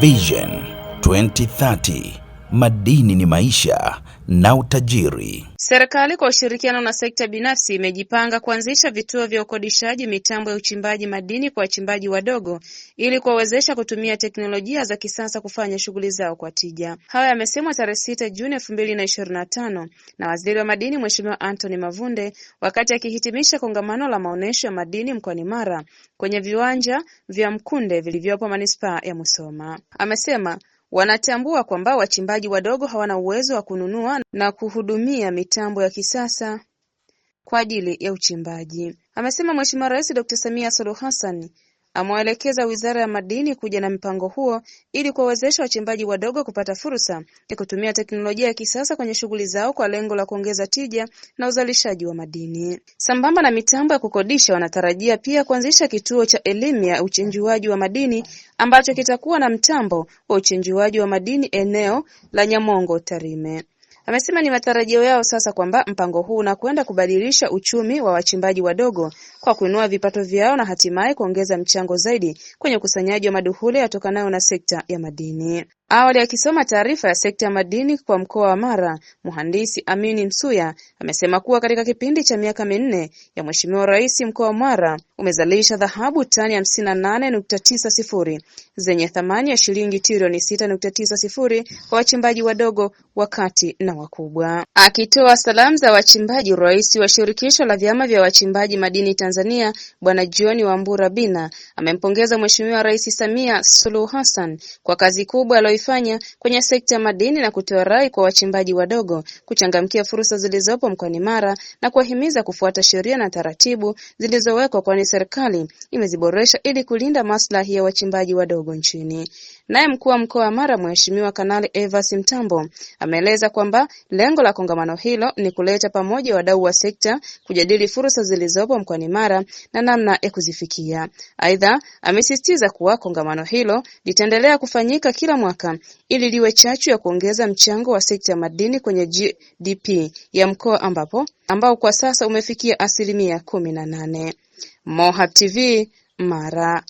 Vision 2030 madini ni maisha na utajiri. Serikali kwa ushirikiano na sekta binafsi imejipanga kuanzisha vituo vya ukodishaji mitambo ya uchimbaji madini kwa wachimbaji wadogo ili kuwawezesha kutumia teknolojia za kisasa kufanya shughuli zao kwa tija. Hayo yamesemwa tarehe 6 Juni elfu mbili na ishirini na tano na waziri wa madini Mheshimiwa Anthony Mavunde wakati akihitimisha kongamano la maonyesho ya madini mkoani Mara kwenye viwanja vya Mkunde vilivyopo manispaa ya Musoma. Amesema wanatambua kwamba wachimbaji wadogo hawana uwezo wa kununua na kuhudumia mitambo ya kisasa kwa ajili ya uchimbaji, amesema Mheshimiwa Rais Dkt. Samia Suluhu Hassan amewaelekeza Wizara ya Madini kuja na mpango huo ili kuwawezesha wachimbaji wadogo kupata fursa ya kutumia teknolojia ya kisasa kwenye shughuli zao kwa lengo la kuongeza tija na uzalishaji wa madini. Sambamba na mitambo ya kukodisha, wanatarajia pia kuanzisha kituo cha elimu ya uchenjuaji wa madini ambacho kitakuwa na mtambo wa uchenjuaji wa madini eneo la Nyamongo Tarime. Amesema ni matarajio yao sasa kwamba mpango huu unakwenda kubadilisha uchumi wa wachimbaji wadogo kwa kuinua vipato vyao na hatimaye kuongeza mchango zaidi kwenye ukusanyaji wa maduhuli yatokanayo na sekta ya madini. Awali akisoma taarifa ya sekta ya madini kwa mkoa wa Mara, Mhandisi Amin Msuya amesema kuwa katika kipindi cha miaka minne ya Mheshimiwa Rais, mkoa wa Mara umezalisha dhahabu tani hamsini nane nukta tisa sifuri zenye thamani ya shilingi trilioni sita nukta tisa sifuri kwa wachimbaji wadogo, wakati na wakubwa. Akitoa salamu za wachimbaji, Rais wa Shirikisho la Vyama vya Wachimbaji Madini Tanzania, Bwana John Wambura Bina amempongeza Mheshimiwa Rais Samia Suluhu Hassan kwa kazi kubwa wanayoifanya kwenye sekta ya madini na kutoa rai kwa wachimbaji wadogo kuchangamkia fursa zilizopo mkoani Mara na kuwahimiza kufuata sheria na taratibu zilizowekwa kwani serikali imeziboresha ili kulinda maslahi ya wachimbaji wadogo nchini. Naye mkuu wa mkoa wa Mara Mheshimiwa Kanali Evas Mtambo ameeleza kwamba lengo la kongamano hilo ni kuleta pamoja wadau wa sekta kujadili fursa zilizopo mkoani Mara na namna ya kuzifikia. Aidha, amesisitiza kuwa kongamano hilo litaendelea kufanyika kila mwaka Afrika ili liwe chachu ya kuongeza mchango wa sekta ya madini kwenye GDP ya mkoa ambapo ambao kwa sasa umefikia asilimia kumi na nane. Mohab TV Mara